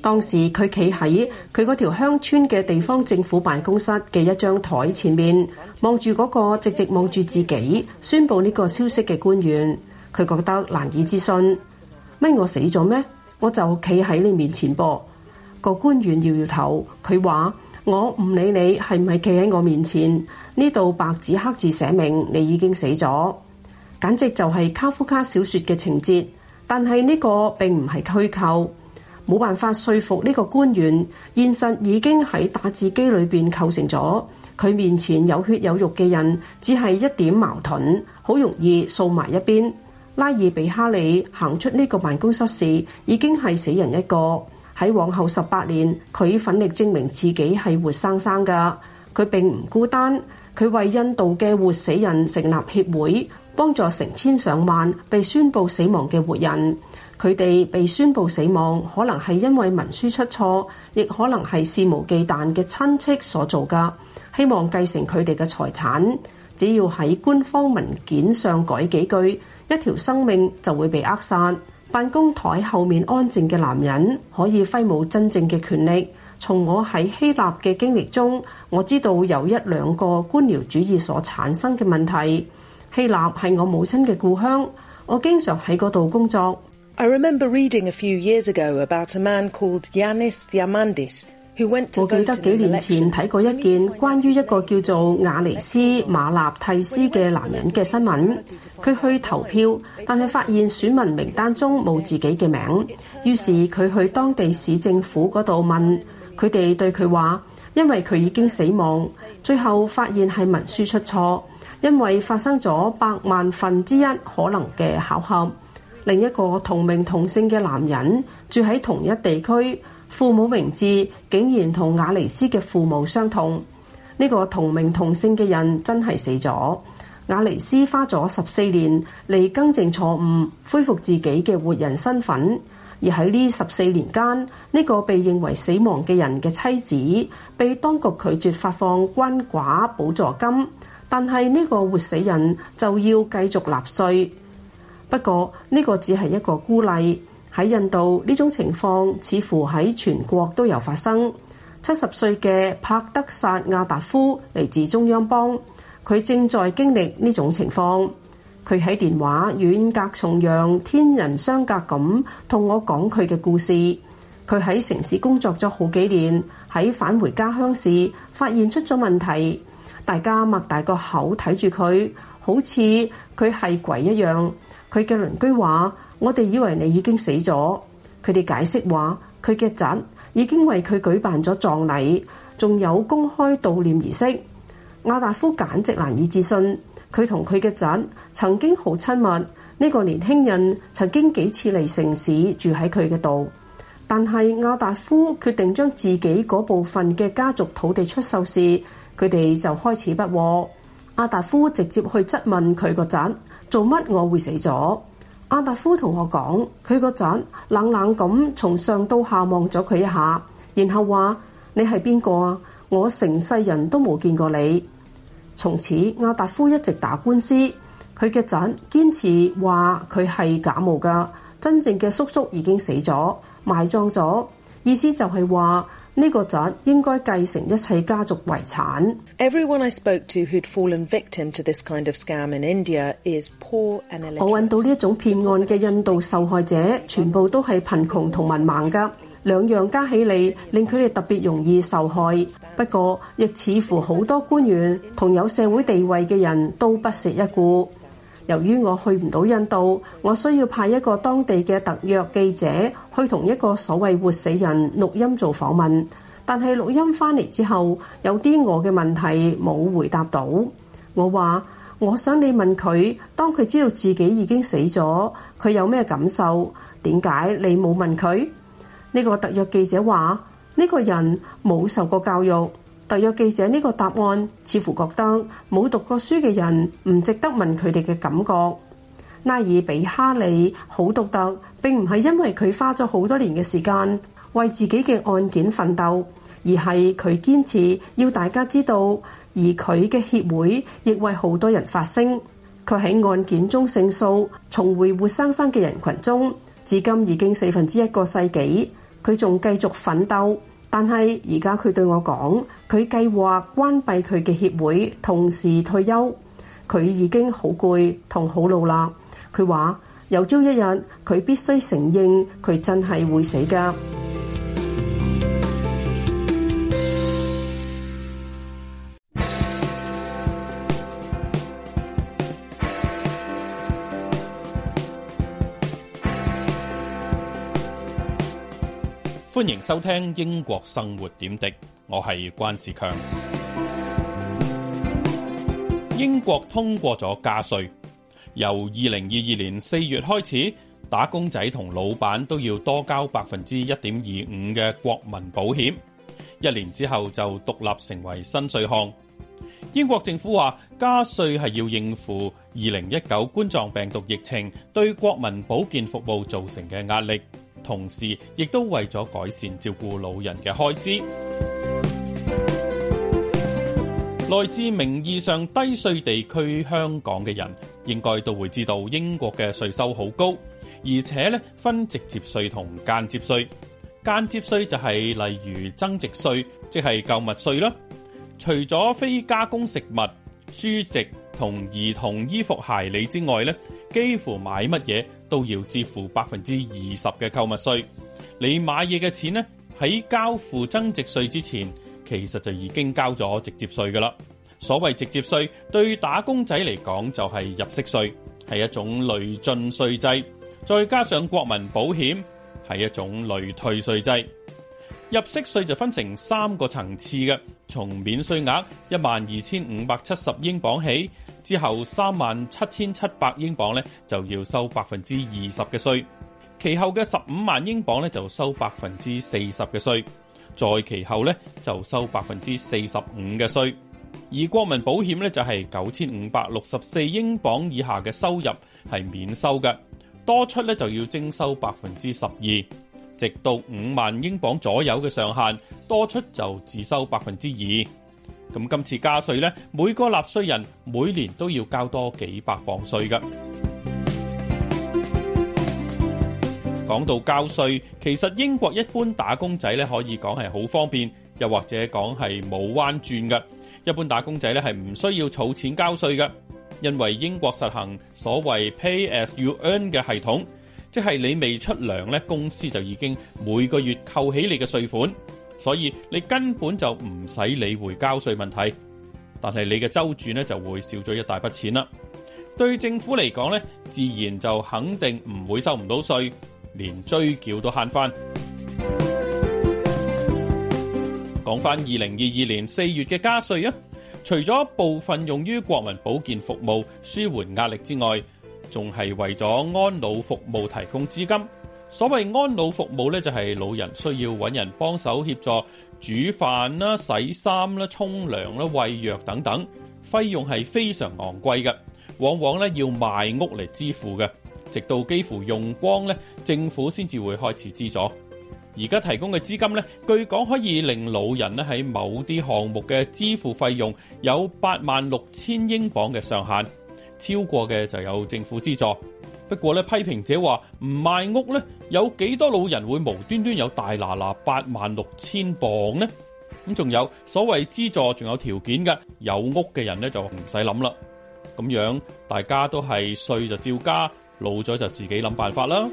當時佢企喺佢嗰條鄉村嘅地方政府辦公室嘅一張台前面，望住嗰個直直望住自己宣布呢個消息嘅官員，佢覺得難以置信。乜我死咗咩？我就企喺你面前噃。個官員搖搖頭，佢話：我唔理你係唔係企喺我面前，呢度白紙黑字寫明你已經死咗，簡直就係卡夫卡小說嘅情節。但係呢個並唔係虛構。冇辦法說服呢個官員，現實已經喺打字機裏邊構成咗，佢面前有血有肉嘅人，只係一點矛盾，好容易掃埋一邊。拉爾比哈里行出呢個辦公室時，已經係死人一個。喺往後十八年，佢奮力證明自己係活生生噶，佢並唔孤單。佢為印度嘅活死人成立協會，幫助成千上萬被宣佈死亡嘅活人。佢哋被宣佈死亡，可能係因為文書出錯，亦可能係肆無忌憚嘅親戚所做㗎。希望繼承佢哋嘅財產，只要喺官方文件上改幾句，一條生命就會被扼殺。辦公台後面安靜嘅男人，可以揮舞真正嘅權力。從我喺希臘嘅經歷中，我知道有一兩個官僚主義所產生嘅問題。希臘係我母親嘅故鄉，我經常喺嗰度工作。我記得幾年前睇過一件關於一個叫做雅尼斯馬納蒂斯嘅男人嘅新聞，佢去投票，但係發現選民名單中冇自己嘅名，於是佢去當地市政府嗰度問。佢哋對佢話：因為佢已經死亡，最後發現係文書出錯，因為發生咗百萬分之一可能嘅巧合。另一個同名同姓嘅男人住喺同一地區，父母名字竟然同雅尼斯嘅父母相同。呢個同名同姓嘅人真係死咗。雅尼斯花咗十四年嚟更正錯誤，恢復自己嘅活人身份。而喺呢十四年間，呢、這個被認為死亡嘅人嘅妻子被當局拒絕發放鰥寡補助金，但係呢個活死人就要繼續納稅。不過呢、這個只係一個孤例，喺印度呢種情況似乎喺全國都有發生。七十歲嘅帕德薩亞達夫嚟自中央邦，佢正在經歷呢種情況。佢喺電話遠隔重洋，天人相隔咁，同我講佢嘅故事。佢喺城市工作咗好幾年，喺返回家鄉時發現出咗問題。大家擘大個口睇住佢，好似佢係鬼一樣。佢嘅鄰居話：我哋以為你已經死咗。佢哋解釋話：佢嘅侄已經為佢舉辦咗葬禮，仲有公開悼念儀式。亞達夫簡直難以置信。佢同佢嘅侄曾經好親密，呢個年輕人曾經幾次嚟城市住喺佢嘅度，但係阿達夫決定將自己嗰部分嘅家族土地出售時，佢哋就開始不和。阿達夫直接去質問佢個侄做乜我會死咗？阿達夫同我講，佢個侄冷冷咁從上到下望咗佢一下，然後話：你係邊個啊？我成世人都冇見過你。從此亞達夫一直打官司，佢嘅侄堅持話佢係假冒噶，真正嘅叔叔已經死咗，埋葬咗，意思就係話呢個侄應該繼承一切家族遺產。Everyone I spoke to who'd fallen victim to this kind of scam in India is poor and illiterate. 我揾到呢一種騙案嘅印度受害者，全部都係貧窮同文盲噶。兩樣加起嚟，令佢哋特別容易受害。不過，亦似乎好多官員同有社會地位嘅人都不屑一顧。由於我去唔到印度，我需要派一個當地嘅特約記者去同一個所謂活死人錄音做訪問。但係錄音翻嚟之後，有啲我嘅問題冇回答到。我話：我想你問佢，當佢知道自己已經死咗，佢有咩感受？點解你冇問佢？呢個特約記者話：呢個人冇受過教育。特約記者呢個答案，似乎覺得冇讀過書嘅人唔值得問佢哋嘅感覺。拉爾比哈里好獨特，並唔係因為佢花咗好多年嘅時間為自己嘅案件奮鬥，而係佢堅持要大家知道，而佢嘅協會亦為好多人發聲。佢喺案件中勝訴，重回活生生嘅人群中，至今已經四分之一個世紀。佢仲繼續奮鬥，但係而家佢對我講，佢計劃關閉佢嘅協會，同時退休。佢已經好攰同好老啦。佢話，有朝一日，佢必須承認，佢真係會死㗎。歡迎收聽英國生活點滴，我係關志強。英國通過咗加稅，由二零二二年四月開始，打工仔同老闆都要多交百分之一點二五嘅國民保險，一年之後就獨立成為新稅項。英國政府話加稅係要應付二零一九冠狀病毒疫情對國民保健服務造成嘅壓力。同時，亦都為咗改善照顧老人嘅開支， 來自名義上低稅地區香港嘅人，應該都會知道英國嘅稅收好高，而且咧分直接稅同間接稅。間接稅就係例如增值稅，即係購物稅啦。除咗非加工食物、書籍同兒童衣服鞋履之外咧，幾乎買乜嘢，都要支付百分之二十嘅購物稅，你買嘢嘅錢呢，喺交付增值稅之前，其實就已經交咗直接稅㗎喇。所謂直接稅，對打工仔嚟講，就係入息稅，係一種累進稅制，再加上國民保險，係一種累退稅制。入息稅就分成三個層次嘅，從免稅額一萬二千五百七十英鎊起，之後三萬七千七百英鎊咧就要收百分之二十嘅稅，其後嘅十五萬英鎊咧就收百分之四十嘅稅，在其後咧就收百分之四十五嘅稅，而國民保險咧就係九千五百六十四英鎊以下嘅收入係免收嘅，多出咧就要徵收百分之十二，直到五萬英鎊左右嘅上限，多出就只收百分之二。咁今次加稅呢，每個納稅人每年都要交多幾百鎊稅㗎。講到交稅，其實英國一般打工仔呢可以講係好方便，又或者講係冇彎轉㗎。一般打工仔呢係唔需要儲錢交稅㗎，因為英國實行所謂 pay as you earn 嘅系統。即係你未出糧呢，公司就已經每個月扣起你嘅稅款，所以你根本就唔使理會交稅問題。但係你嘅周轉呢就會少咗一大筆錢啦。對政府嚟講呢，自然就肯定唔會收唔到稅，連追繳都慳返。講返二零二二年四月嘅加稅啊，除咗部分用於國民保健服務舒緩壓力之外，仲係為咗安老服務提供資金。所謂安老服務咧，就係老人需要揾人幫手協助煮飯啦、洗衫啦、沖涼啦、餵藥等等，費用係非常昂貴嘅，往往咧，要賣屋嚟支付嘅，直到幾乎用光咧，政府先至會開始資助。而家提供嘅資金咧，據講可以令老人咧喺某啲項目嘅支付費用有八萬六千英鎊嘅上限。超過嘅就有政府資助，不過咧，批評者話唔賣屋咧，有幾多老人會無端端有大拿拿八萬六千鎊呢？咁仲有所謂資助仲有條件嘅，有屋嘅人咧就唔使諗啦。咁樣大家都係稅就照加，老咗就自己諗辦法啦。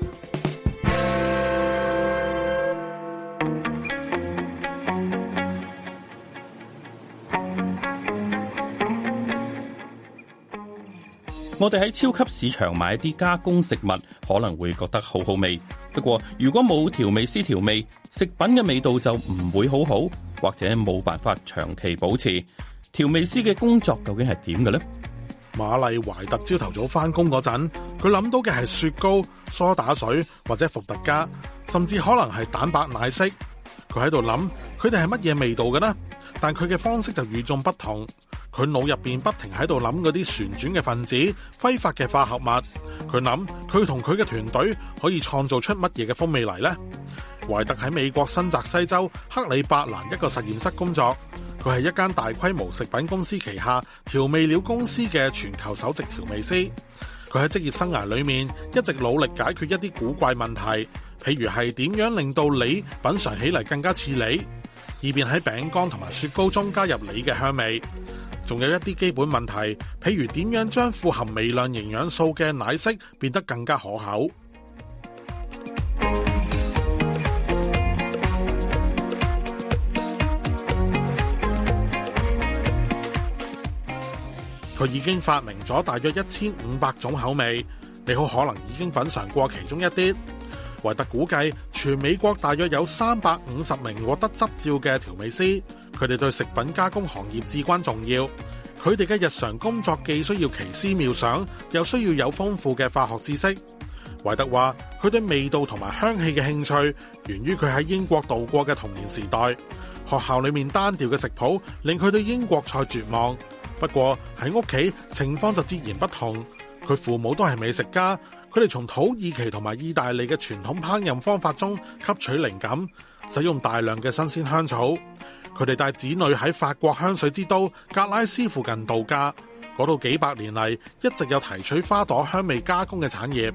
我哋喺超級市場買一啲加工食物，可能會覺得好好味。不過如果冇調味師調味，食品嘅味道就唔會好好，或者冇辦法長期保持。調味師嘅工作究竟係點嘅呢？馬麗懷特朝頭早翻工嗰陣，佢諗到嘅係雪糕、梳打水或者伏特加，甚至可能係蛋白奶昔。佢喺度諗，佢哋係乜嘢味道嘅呢？但佢嘅方式就與眾不同，佢腦入邊不停喺度諗嗰啲旋轉嘅分子、揮發嘅化合物，佢諗佢同佢嘅團隊可以創造出乜嘢嘅風味嚟咧？懷特喺美國新澤西州克里伯蘭一個實驗室工作，佢係一間大規模食品公司旗下調味料公司嘅全球首席調味師。佢喺職業生涯裏面一直努力解決一啲古怪問題，譬如係點樣令到你品嘗起嚟更加似你，以便喺餅乾同埋雪糕中加入梨嘅香味，仲有一啲基本問題，譬如點樣將富含微量營養素嘅奶昔變得更加可口。佢 已經發明咗大約一千五百種口味，你好可能已經品嚐過其中一啲。維特估計全美國大約有三百五十名獲得執照嘅調味師，佢哋對食品加工行業至關重要。佢哋嘅日常工作既需要奇思妙想，又需要有豐富嘅化學知識。維特話，佢對味道同埋香氣嘅興趣源於佢喺英國度過嘅童年時代。學校裏面單調嘅食譜令佢對英國菜絕望。不過喺屋企情況就截然不同，佢父母都係美食家。佢哋從土耳其同埋意大利嘅傳統烹飪方法中吸取靈感，使用大量嘅新鮮香草。佢哋帶子女喺法國香水之都格拉斯附近度假，嗰度幾百年嚟一直有提取花朵香味加工嘅產業。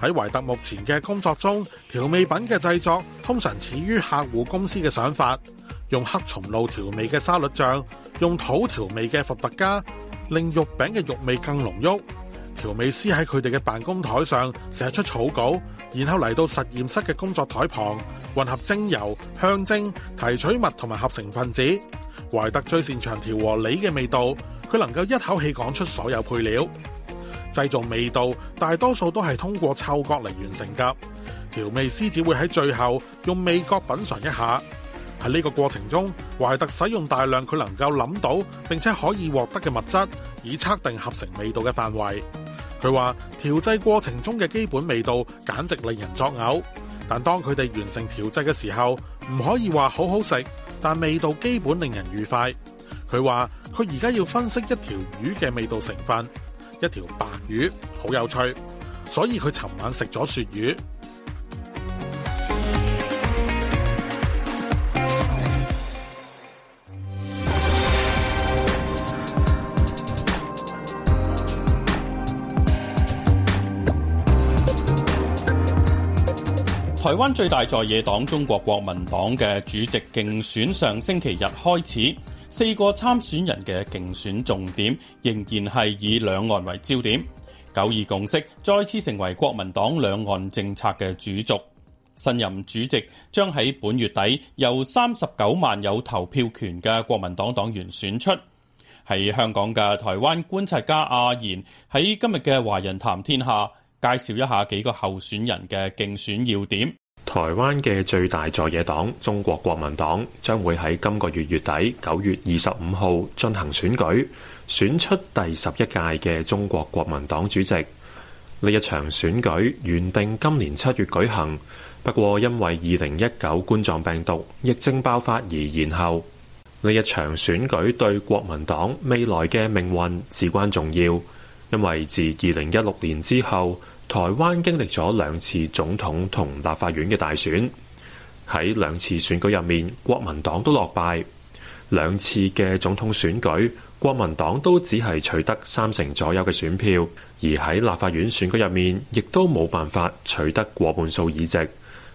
喺懷特目前嘅工作中，調味品嘅製作通常始於客戶公司嘅想法。用黑松露調味嘅沙律醬，用土調味嘅伏特加，令肉餅嘅肉味更濃郁。調味師喺佢哋嘅辦公台上寫出草稿，然後嚟到實驗室嘅工作台旁，混合精油、香精、提取物同埋合成分子。懷特最擅長調和梨嘅味道，佢能夠一口氣講出所有配料。製造味道，大多數都係通過嗅覺嚟完成噶。調味師只會喺最後用味覺品嘗一下。喺呢個過程中，懷特使用大量佢能夠諗到並且可以獲得嘅物質，以測定合成味道嘅範圍。佢話調製過程中嘅基本味道簡直令人作嘔，但當佢哋完成調製嘅時候，唔可以話好好食，但味道基本令人愉快。佢話佢而家要分析一條魚嘅味道成分。一條白魚好有趣，所以佢尋晚食咗鱈魚。台灣最大在野黨中國國民黨嘅主席競選上星期日開始。四個參選人嘅競選重點仍然係以兩岸為焦點，九二共識再次成為國民黨兩岸政策嘅主軸。新任主席將喺本月底由三十九萬有投票權嘅國民黨黨員選出。喺香港嘅台灣觀察家阿賢喺今日嘅《華人談天下》介紹一下幾個候選人嘅競選要點。台灣嘅最大在野黨中國國民黨將會喺今個月月底九月二十五號進行選舉，選出第十一屆嘅中國國民黨主席。呢一場選舉原定今年七月舉行，不過因為二零一九冠狀病毒疫症爆發而延後。呢一場選舉對國民黨未來嘅命運至關重要，因為自二零一六年之後，台灣經歷咗兩次總統同立法院嘅大選，喺兩次選舉入面，國民黨都落敗。兩次嘅總統選舉，國民黨都只係取得三成左右嘅選票，而喺立法院選舉入面，亦都冇辦法取得過半數議席，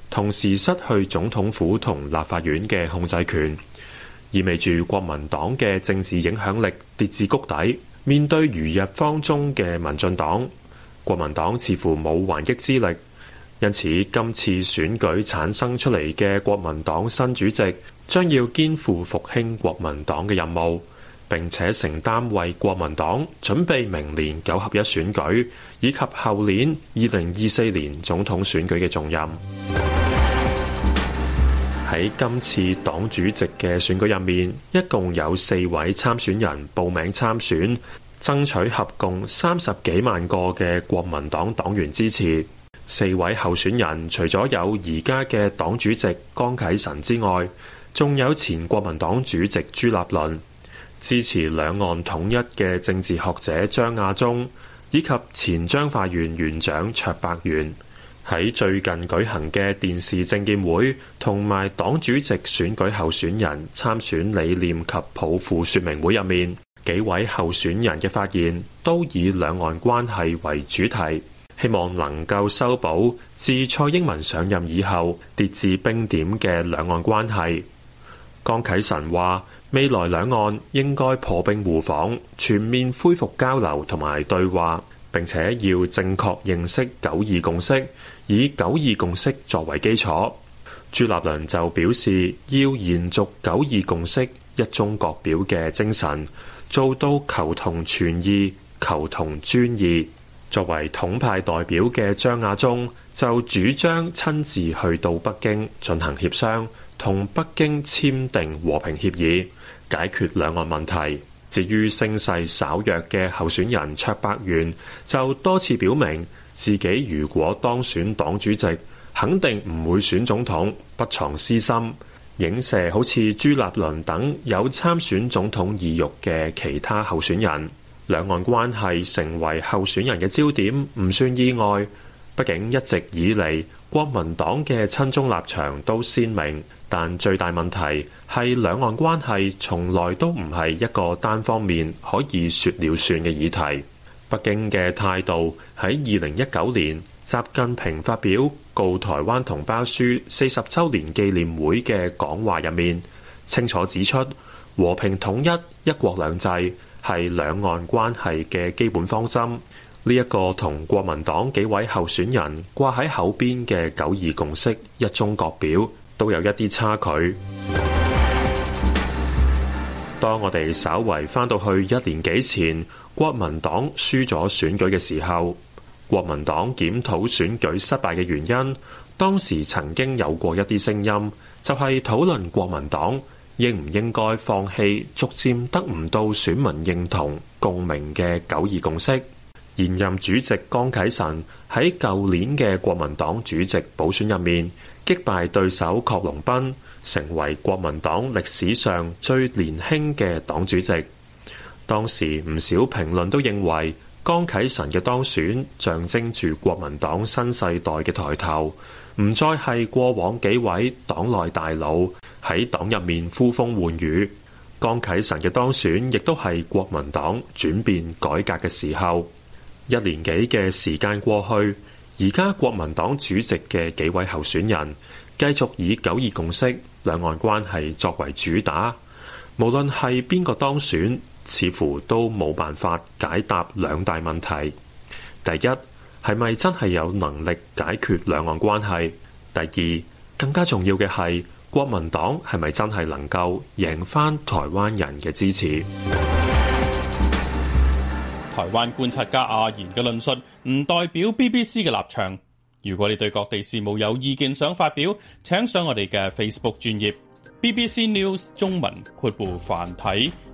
同時失去總統府同立法院嘅控制權，意味住國民黨嘅政治影響力跌至谷底。面對如日方中嘅民進黨，國民黨似乎冇還擊之力，因此今次選舉產生出嚟嘅國民黨新主席，將要肩負復興國民黨嘅任務，並且承擔為國民黨準備明年九合一選舉以及後年二零二四年總統選舉嘅重任。喺今次黨主席嘅選舉入面，一共有四位參選人報名參選。爭取合共三十幾萬個嘅國民黨黨員支持。四位候選人除咗有而家嘅黨主席江啟臣之外，仲有前國民黨主席朱立倫、支持兩岸統一嘅政治學者張亞中，以及前彰化縣縣長卓伯源。喺最近舉行嘅電視政見會同埋黨主席選舉候選人參選理念及抱負說明會入面，幾位候選人嘅發言都以兩岸關係為主題，希望能夠修補自蔡英文上任以後跌至冰點嘅兩岸關係。江啟臣話：未來兩岸應該破冰互訪，全面恢復交流同埋對話。並且要正確認識九二共識，以九二共識作為基礎。朱立倫就表示要延續九二共識一中各表嘅精神。做到求同存異、求同尊異。作為統派代表嘅張亞中，就主張親自去到北京進行協商，同北京簽訂和平協議，解決兩岸問題。至於聲勢稍弱嘅候選人卓伯源，就多次表明自己如果當選黨主席，肯定唔會選總統，不藏私心。影射好似朱立倫等有參選總統意欲嘅其他候選人，兩岸關係成為候選人嘅焦點唔算意外。畢竟一直以嚟，國民黨嘅親中立場都鮮明，但最大問題係兩岸關係從來都唔係一個單方面可以說了算嘅議題。北京嘅態度喺二零一九年。習近平發表告台灣同胞書四十周年紀念會嘅講話入面，清楚指出和平統一、一國兩制係兩岸關係嘅基本方針。呢、這、一個同國民黨幾位候選人掛喺口邊嘅九二共識、一中各表都有一啲差距。當我哋稍微翻到去一年幾前國民黨輸咗選舉嘅時候。國民黨檢討選舉失敗嘅原因，當時曾經有過一啲聲音，就係討論國民黨應唔應該放棄逐漸得唔到選民認同共鳴嘅九二共識。現任主席江啟臣喺舊年嘅國民黨主席補選入面擊敗對手郝龍斌，成為國民黨歷史上最年輕嘅黨主席。當時唔少評論都認為。江啟臣嘅當選象徵住國民黨新世代嘅抬頭，唔再係過往幾位黨內大佬喺黨入面呼風喚雨。江啟臣嘅當選亦都係國民黨轉變改革嘅時候。一年幾嘅時間過去，而家國民黨主席嘅幾位候選人繼續以九二共識兩岸關係作為主打，無論係邊個當選，似乎都冇辦法解答兩大問題。第一，係咪真係有能力解決兩岸關係？第二，更加重要嘅係，國民黨係咪真係能夠贏翻台灣人嘅支持？台灣觀察家阿言嘅論述唔代表 BBC 嘅立場。如果你對各地事務有意見想發表，請上我哋嘅 Facebook 專頁 BBC News 中文闊部繁體。